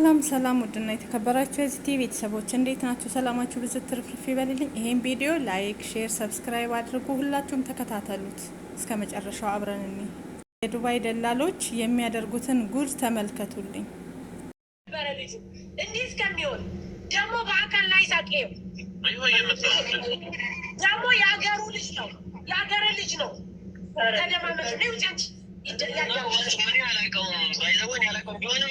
ሰላም ሰላም፣ ውድና የተከበራችሁ የዚህ ቲቪ ቤተሰቦች እንዴት ናችሁ? ሰላማችሁ ብዙ ትርፍርፍ ይበልልኝ። ይሄን ቪዲዮ ላይክ፣ ሼር፣ ሰብስክራይብ አድርጉ። ሁላችሁም ተከታተሉት እስከ መጨረሻው አብረን እኒ የዱባይ ደላሎች የሚያደርጉትን ጉድ ተመልከቱልኝ። እንዲህ እስከሚሆን ደግሞ በአካል ላይ ሳቄ ደግሞ የአገሩ ልጅ ነው የአገር ልጅ ነው ተደማመ ጭንጭ ያቀ ባይዘወን ያላቀው ቢሆንም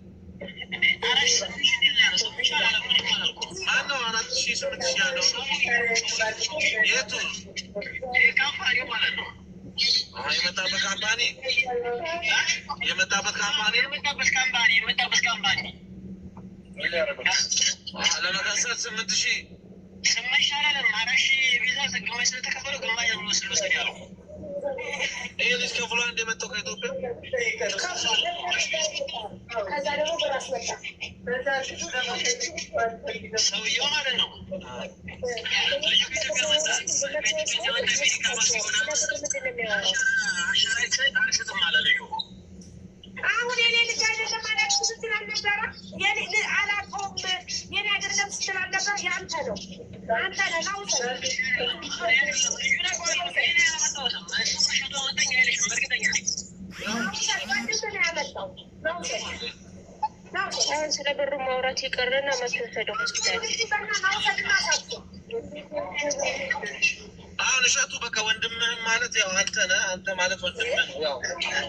ስምንት ሺህ ስምንት ሺህ አላለም። አራት ሺህ ቤዛ ግማሽ ስለተከፈለው ግማሽ ወስድ ወስድ ያለው አሁን የኔ ልጅ አይደለም አላውቅም ስትል አልነበረ? አላውቀውም የኔ አይደለም ስትል አልነበረ? የአንተ ነው አንተ ነህ አሁን አሁን ስለ ብሩ ማውራት የቀረና መተሰደ አሁን እሸቱ በቃ ወንድምህም ማለት ያው አንተ ነህ። አንተ ማለት ወንድምህ ነው።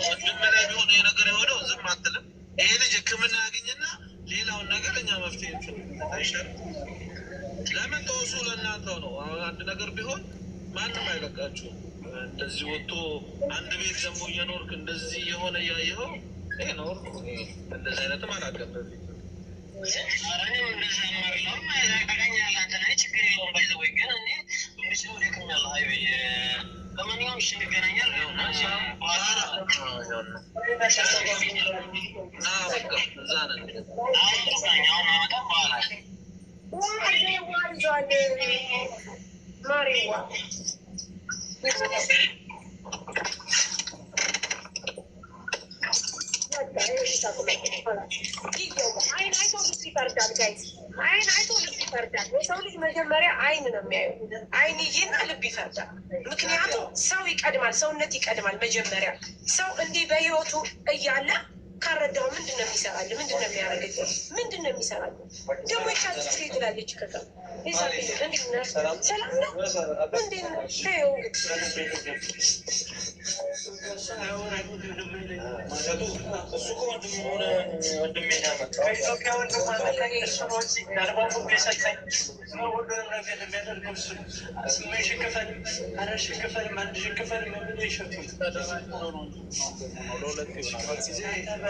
ወንድምህ ላይ ቢሆን ነገር የሆነው ዝም አትልም። ይሄ ልጅ ሕክምና ያገኝና ሌላውን ነገር እኛ መፍትሄ አይሻልም? ለምን ተወሱ ለእናንተው ነው። አንድ ነገር ቢሆን ማንም አይበቃችሁም። እንደዚህ ወጥቶ አንድ ቤት ደግሞ እየኖርክ እንደዚህ የሆነ እያየኸው ይሄ ኖር እንደዚህ አይነትም አላገበብ ችግር የለውም። አይን መጀመሪያ አይን ነው የሚያየው። አይንዬና ልብ ምክንያቱም ሰው ይቀድማል፣ ሰውነት ይቀድማል። መጀመሪያ ሰው እንዲህ በህይወቱ እያለ ካረዳው ምንድን ነው የሚሰራል? ምንድን ነው የሚያደርግ? ምንድን ነው የሚሰራል? ደግሞ የቻለች ሴት ትላለች። ከዛ ሰላም ነው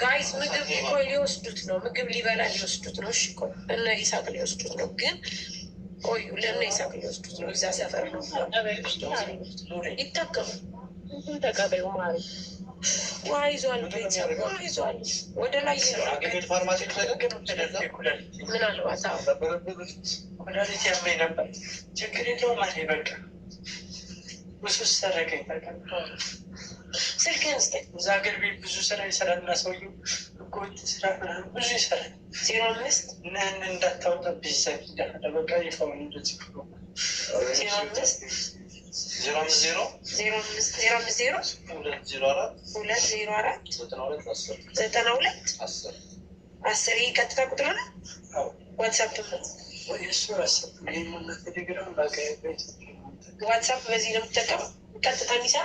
ጋይስ ምግብ እኮ ሊወስዱት ነው። ምግብ ሊበላ ሊወስዱት ነው። እሺ እኮ እነ ይሳቅ ሊወስዱት ነው። ግን ቆዩ፣ ለእነ ይሳቅ ሊወስዱት ነው። እዛ ሰፈር ነው ይጠቀሙ። ተቀበዩ ማለት ውሃ ቤተሰብ ውሃ ወደ ላይ ምናልባት ችግር የለውም። ስልክ ያስጠኝ። እዛ ሀገር ቤት ብዙ ስራ ይሰራል እና ሰውዬው ህገወጥ ስራ ብዙ ይሰራል። ዜሮ አምስት ነህን እንዳታወጣብኝ ዘግ ይደለ በቃ ይፋውን እንደዚህ ብሎ ዜሮ አምስት ዜሮ ዜሮ ሁለት ዜሮ አራት ሁለት ዜሮ አራት ዘጠና ሁለት አስር ዘጠና ሁለት አስር አስር ቁጥር ዋትሳፕ ዋትሳፕ በዚህ ነው የምጠቀመው ቀጥታ የሚሰራ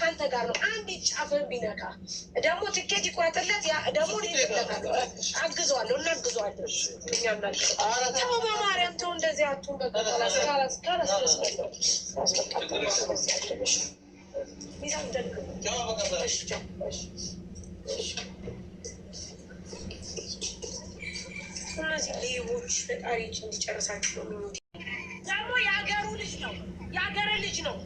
ከአንተ ጋር ነው። አንድ ጫፍን ቢነካ ደግሞ ትኬት ይቆረጥለት። ደግሞ አግዘዋለሁ፣ እናግዘዋለሁ። እኛምናቸው በማርያም ተው፣ እንደዚህ አቱን እነዚህ ሌቦች ፈጣሪዎች እንዲጨርሳቸው ነው። ደግሞ የሀገሩ ልጅ ነው፣ የሀገር ልጅ ነው።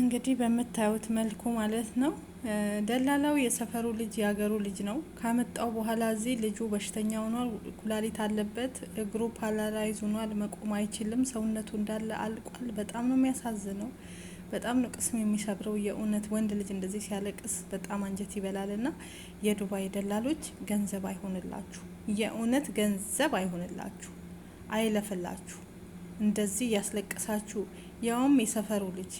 እንግዲህ በምታዩት መልኩ ማለት ነው። ደላላው የሰፈሩ ልጅ የሀገሩ ልጅ ነው። ካመጣው በኋላ እዚህ ልጁ በሽተኛ ሆኗል። ኩላሊት አለበት። እግሩ ፓላራይዝ ሆኗል። መቆም አይችልም። ሰውነቱ እንዳለ አልቋል። በጣም ነው የሚያሳዝነው። በጣም ነው ቅስም የሚሰብረው። የእውነት ወንድ ልጅ እንደዚህ ሲያለቅስ በጣም አንጀት ይበላልና የዱባይ ደላሎች ገንዘብ አይሆንላችሁ፣ የእውነት ገንዘብ አይሆንላችሁ፣ አይለፍላችሁ። እንደዚህ እያስለቀሳችሁ ያውም የሰፈሩ ልጅ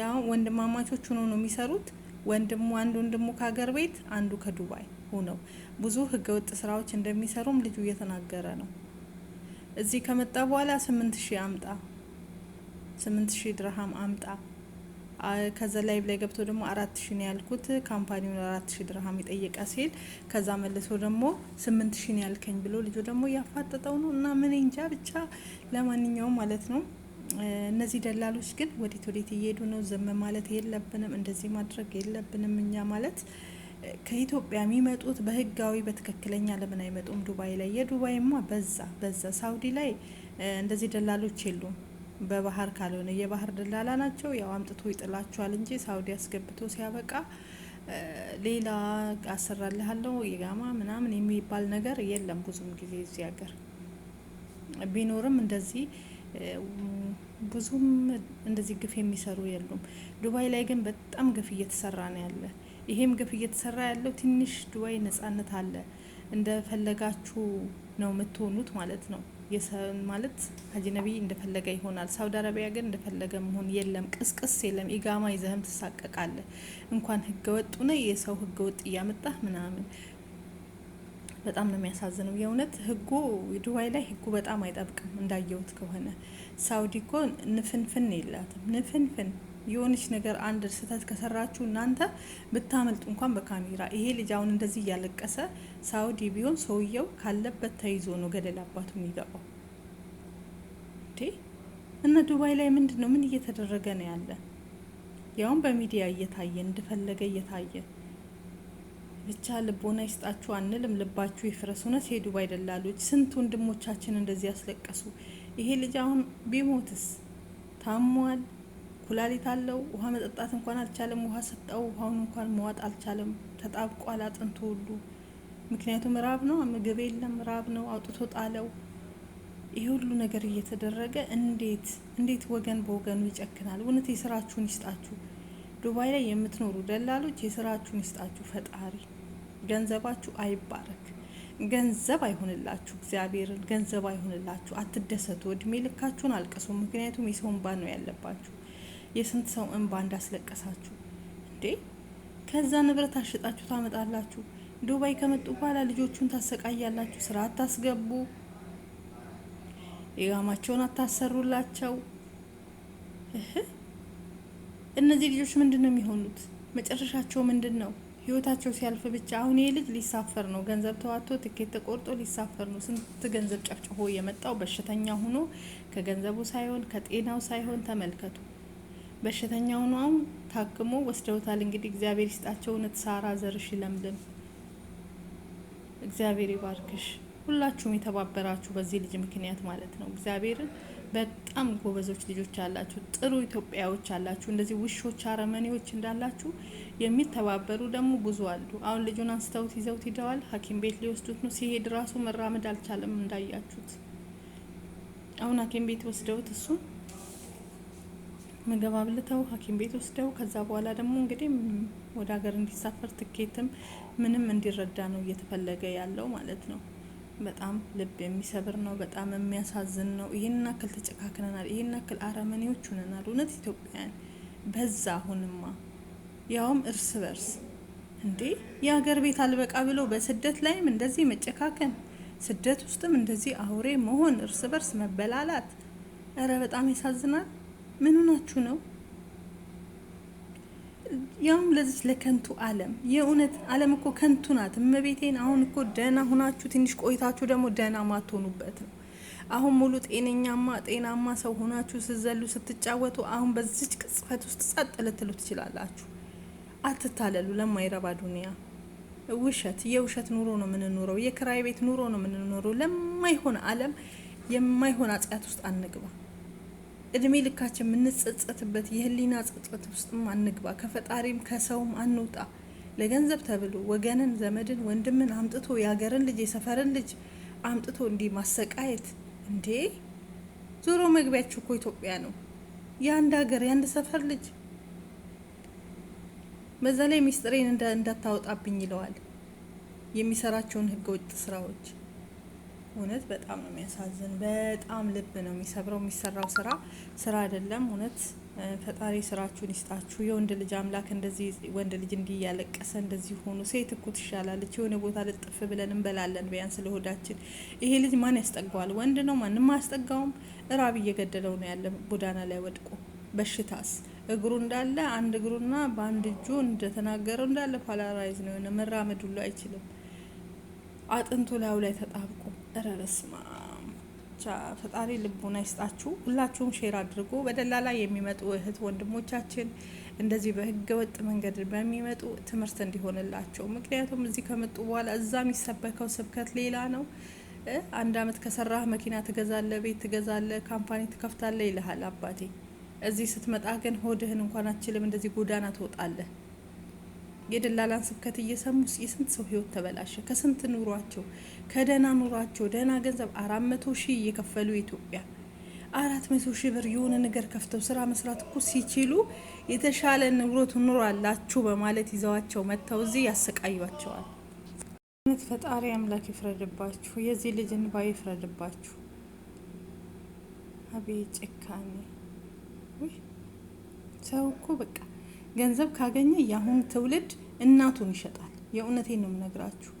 ያው ወንድማማቾች ሆኖ ነው የሚሰሩት። ወንድሙ አንድ ወንድሙ ከሀገር ቤት አንዱ ከዱባይ ሆነው ብዙ ህገወጥ ስራዎች እንደሚሰሩም ልጁ እየተናገረ ነው። እዚህ ከመጣ በኋላ ስምንት ሺህ አምጣ ስምንት ሺህ ድርሃም አምጣ ከዛ ላይቭ ላይ ገብቶ ደግሞ አራት ሺ ነው ያልኩት ካምፓኒውን አራት ሺ ድርሃም ይጠየቃ ሲል ከዛ መልሶ ደግሞ ስምንት ሺ ነው ያልከኝ ብሎ ልጁ ደግሞ ያፋጠጠው ነው እና ምን እንጃ ብቻ ለማንኛውም ማለት ነው እነዚህ ደላሎች ግን ወዴት ወዴት እየሄዱ ነው? ዝም ማለት የለብንም፣ እንደዚህ ማድረግ የለብንም። እኛ ማለት ከኢትዮጵያ የሚመጡት በህጋዊ በትክክለኛ ለምን አይመጡም? ዱባይ ላይ የዱባይማ በዛ በዛ። ሳውዲ ላይ እንደዚህ ደላሎች የሉም። በባህር ካልሆነ የባህር ደላላ ናቸው። ያው አምጥቶ ይጥላቸዋል እንጂ ሳውዲ አስገብቶ ሲያበቃ ሌላ አሰራልሃለሁ የጋማ ምናምን የሚባል ነገር የለም። ብዙም ጊዜ እዚህ ሀገር ቢኖርም እንደዚህ ብዙም እንደዚህ ግፍ የሚሰሩ የሉም። ዱባይ ላይ ግን በጣም ግፍ እየተሰራ ነው ያለ። ይሄም ግፍ እየተሰራ ያለው ትንሽ ዱባይ ነጻነት አለ፣ እንደፈለጋችሁ ነው የምትሆኑት ማለት ነው። ማለት አጅነቢ እንደፈለገ ይሆናል። ሳውዲ አረቢያ ግን እንደፈለገ መሆን የለም፣ ቅስቅስ የለም። ኢጋማ ይዘህም ትሳቀቃለ። እንኳን ወጡ ነ የሰው ህገወጥ እያመጣ ምናምን በጣም ነው የሚያሳዝነው። የእውነት ህጉ ዱባይ ላይ ህጉ በጣም አይጠብቅም እንዳየሁት ከሆነ ሳውዲ ኮ ንፍንፍን የላትም ንፍንፍን የሆነች ነገር አንድ ስህተት ከሰራችሁ እናንተ ብታመልጡ እንኳን በካሜራ ይሄ ልጅ አሁን እንደዚህ እያለቀሰ ሳውዲ ቢሆን ሰውየው ካለበት ተይዞ ነው ገደል አባቱ የሚገባው እንዴ። እና ዱባይ ላይ ምንድን ነው ምን እየተደረገ ነው ያለ? ያውም በሚዲያ እየታየ እንደፈለገ እየታየ ብቻ ልቦና ይስጣችሁ አንልም፣ ልባችሁ ይፍረስ። እውነት የዱባይ ደላሎች ስንት ወንድሞቻችን እንደዚህ ያስለቀሱ። ይሄ ልጅ አሁን ቢሞትስ ታሟል። ኩላሊት አለው። ውሃ መጠጣት እንኳን አልቻለም። ውሃ ሰጠው፣ ውሃውን እንኳን መዋጥ አልቻለም። ተጣብቋል አጥንቱ ሁሉ። ምክንያቱም ራብ ነው፣ ምግብ የለም፣ ራብ ነው። አውጥቶ ጣለው። ይህ ሁሉ ነገር እየተደረገ እንዴት እንዴት ወገን በወገኑ ይጨክናል? እውነት የስራችሁን ይስጣችሁ። ዱባይ ላይ የምትኖሩ ደላሎች የስራችሁን ይስጣችሁ ፈጣሪ። ገንዘባችሁ አይባረክ፣ ገንዘብ አይሆንላችሁ፣ እግዚአብሔርን ገንዘብ አይሆንላችሁ። አትደሰቱ፣ እድሜ ልካችሁን አልቅሱ። ምክንያቱም የሰውን ባ ነው ያለባችሁ። የስንት ሰው እንባ እንዳስለቀሳችሁ እንዴ! ከዛ ንብረት አሽጣችሁ ታመጣላችሁ። ዱባይ ከመጡ በኋላ ልጆቹን ታሰቃያላችሁ። ስራ አታስገቡ፣ ኢቃማቸውን አታሰሩላቸው። እነዚህ ልጆች ምንድን ነው የሚሆኑት? መጨረሻቸው ምንድን ነው? ህይወታቸው ሲያልፍ ብቻ። አሁን ይህ ልጅ ሊሳፈር ነው፣ ገንዘብ ተዋቶ ትኬት ተቆርጦ ሊሳፈር ነው። ስንት ገንዘብ ጨፍጭፎ የመጣው በሽተኛ ሆኖ ከገንዘቡ ሳይሆን ከጤናው ሳይሆን ተመልከቱ። በሽተኛ ሆኖ አሁን ታክሞ ወስደውታል። እንግዲህ እግዚአብሔር ይስጣቸው። እውነት ሳራ ዘርሽ ይለምልም፣ እግዚአብሔር ይባርክሽ። ሁላችሁም የተባበራችሁ በዚህ ልጅ ምክንያት ማለት ነው። እግዚአብሔርን በጣም ጎበዞች ልጆች አላችሁ፣ ጥሩ ኢትዮጵያዎች አላችሁ። እንደዚህ ውሾች፣ አረመኔዎች እንዳላችሁ የሚተባበሩ ደግሞ ብዙ አሉ። አሁን ልጁን አንስተውት ይዘውት ሂደዋል። ሐኪም ቤት ሊወስዱት ነው። ሲሄድ ራሱ መራመድ አልቻለም እንዳያችሁት። አሁን ሐኪም ቤት ወስደውት እሱን ምግብ አብልተው ሐኪም ቤት ወስደው ከዛ በኋላ ደግሞ እንግዲህ ወደ ሀገር እንዲሳፈር ትኬትም ምንም እንዲረዳ ነው እየተፈለገ ያለው ማለት ነው። በጣም ልብ የሚሰብር ነው። በጣም የሚያሳዝን ነው። ይህን ያክል ተጨካክነናል። ይህን ያክል አረመኔዎች ሁነናል። እውነት ኢትዮጵያውያን በዛ። አሁንማ ያውም እርስ በርስ እንዴ የሀገር ቤት አልበቃ ብሎ በስደት ላይም እንደዚህ መጨካከን፣ ስደት ውስጥም እንደዚህ አውሬ መሆን፣ እርስ በርስ መበላላት፣ እረ በጣም ያሳዝናል። ምን ሆናችሁ ነው? ያውም ለዚች ለከንቱ ዓለም የእውነት ዓለም እኮ ከንቱ ናት። እመቤቴን አሁን እኮ ደህና ሁናችሁ ትንሽ ቆይታችሁ ደግሞ ደህና ማትሆኑበት ነው። አሁን ሙሉ ጤነኛማ ጤናማ ሰው ሆናችሁ ስዘሉ ስትጫወቱ፣ አሁን በዚች ቅጽፈት ውስጥ ጸጥ ልትሉ ትችላላችሁ። አትታለሉ። ለማይረባ ዱኒያ ውሸት፣ የውሸት ኑሮ ነው የምንኖረው። የክራይ ቤት ኑሮ ነው የምንኖረው። ለማይሆን አለም የማይሆን አጽያት ውስጥ አንግባ። እድሜ ልካችን የምንጸጸትበት የህሊና ጸጸት ውስጥም አንግባ። ከፈጣሪም ከሰውም አንውጣ። ለገንዘብ ተብሎ ወገንን፣ ዘመድን፣ ወንድምን አምጥቶ የሀገርን ልጅ የሰፈርን ልጅ አምጥቶ እንዲህ ማሰቃየት እንዴ! ዞሮ መግቢያችሁ እኮ ኢትዮጵያ ነው። የአንድ ሀገር የአንድ ሰፈር ልጅ በዛ ላይ ሚስጥሬን እንዳታወጣብኝ ይለዋል። የሚሰራቸውን ህገወጥ ስራዎች እውነት በጣም ነው የሚያሳዝን። በጣም ልብ ነው የሚሰብረው። የሚሰራው ስራ ስራ አይደለም። እውነት ፈጣሪ ስራችሁን ይስጣችሁ። የወንድ ልጅ አምላክ እንደዚህ ወንድ ልጅ እንዲህ እያለቀሰ እንደዚህ ሆኖ፣ ሴት እኮ ትሻላለች። የሆነ ቦታ ልጥፍ ብለን እንበላለን ቢያንስ ለሆዳችን። ይሄ ልጅ ማን ያስጠጋዋል? ወንድ ነው፣ ማንም አያስጠጋውም። እራብ እየገደለው ነው ያለ ጎዳና ላይ ወድቆ በሽታስ እግሩ እንዳለ አንድ እግሩና በአንድ እጁ እንደተናገረው እንዳለ ፓላራይዝ ነው የሆነ መራመድ ሁሉ አይችልም። አጥንቱ ላዩ ላይ ተጣብቆ ኧረ በስመ አብ ብቻ ፈጣሪ ልቡን አይስጣችሁ። ሁላችሁም ሼር አድርጉ። በደላላ የሚመጡ እህት ወንድሞቻችን እንደዚህ በህገ ወጥ መንገድ በሚመጡ ትምህርት እንዲሆንላቸው። ምክንያቱም እዚህ ከመጡ በኋላ እዛ የሚሰበከው ስብከት ሌላ ነው። አንድ አመት ከሰራህ መኪና ትገዛለ ቤት ትገዛለ ካምፓኒ ትከፍታለ ይልሃል አባቴ። እዚህ ስትመጣ ግን ሆድህን እንኳን አችልም፣ እንደዚህ ጎዳና ትወጣለህ። የደላላን ስብከት እየሰሙ የስንት ሰው ህይወት ተበላሸ። ከስንት ኑሯቸው ከደህና ኑሯቸው ደህና ገንዘብ አራት መቶ ሺህ እየከፈሉ ኢትዮጵያ አራት መቶ ሺህ ብር የሆነ ነገር ከፍተው ስራ መስራት እኮ ሲችሉ የተሻለ ንብረት ኑሮ አላችሁ በማለት ይዘዋቸው መጥተው እዚህ ያሰቃዩቸዋል። እውነት ፈጣሪ አምላክ ይፍረድባችሁ። የዚህ ልጅ እንባ ይፍረድባችሁ። አቤት ጭካኔ! ሰው እኮ በቃ ገንዘብ ካገኘ የአሁን ትውልድ እናቱን ይሸጣል። የእውነቴን ነው የምነግራችሁ፣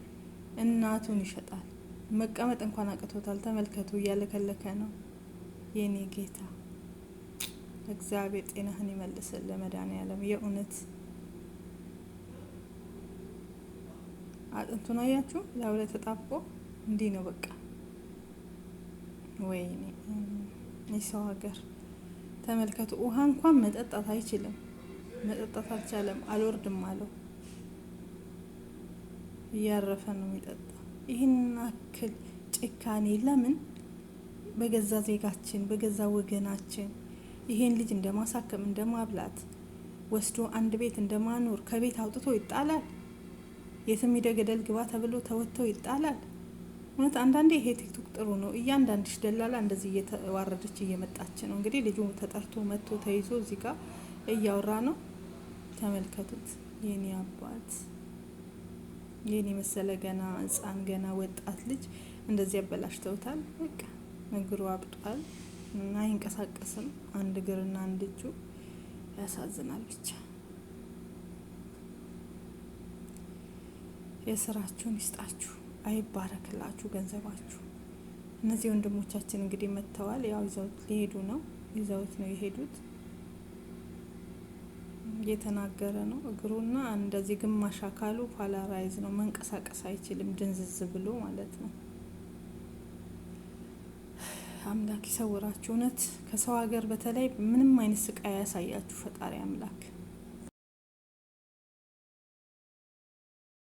እናቱን ይሸጣል። መቀመጥ እንኳን አቅቶታል። ተመልከቱ፣ እያለከለከ ነው። የኔ ጌታ እግዚአብሔር ጤናህን ይመልስል ለመድኃኒዓለም የእውነት አጥንቱን አያችሁ፣ ላዩ ላይ ተጣብቆ እንዲህ ነው በቃ። ወይኔ የሰው ሀገር ተመልከቱ፣ ውሃ እንኳን መጠጣት አይችልም። መጠጣት አልቻለም። አልወርድም አለው። እያረፈ ነው የሚጠጣ። ይህን አክል ጭካኔ ለምን? በገዛ ዜጋችን በገዛ ወገናችን ይሄን ልጅ እንደማሳከም እንደማብላት ወስዶ አንድ ቤት እንደማኖር ከቤት አውጥቶ ይጣላል። የትም ሂደህ ግባ ተብሎ ተወጥቶ ይጣላል። እውነት አንዳንዴ ይሄ ቲክቶክ ጥሩ ነው። እያንዳንድሽ ደላላ እንደዚህ እየተዋረደች እየመጣች ነው። እንግዲህ ልጁ ተጠርቶ መጥቶ ተይዞ እዚህ ጋር እያወራ ነው። ተመልከቱት። የኔ አባት የኔ መሰለ ገና ህፃን ገና ወጣት ልጅ እንደዚህ ያበላሽተውታል። በቃ እግሩ አብጧል፣ አይንቀሳቀስም። አንድ እግርና አንድ እጁ ያሳዝናል። ብቻ የስራችሁን ይስጣችሁ፣ አይባረክላችሁ ገንዘባችሁ። እነዚህ ወንድሞቻችን እንግዲህ መጥተዋል። ያው ይዘውት ሊሄዱ ነው፣ ይዘውት ነው የሄዱት። እየተናገረ ነው። እግሩና እንደዚህ ግማሽ አካሉ ፓላራይዝ ነው፣ መንቀሳቀስ አይችልም፣ ድንዝዝ ብሎ ማለት ነው። አምላክ ይሰውራችሁ። እውነት ከሰው ሀገር በተለይ ምንም አይነት ስቃይ ያሳያችሁ ፈጣሪ አምላክ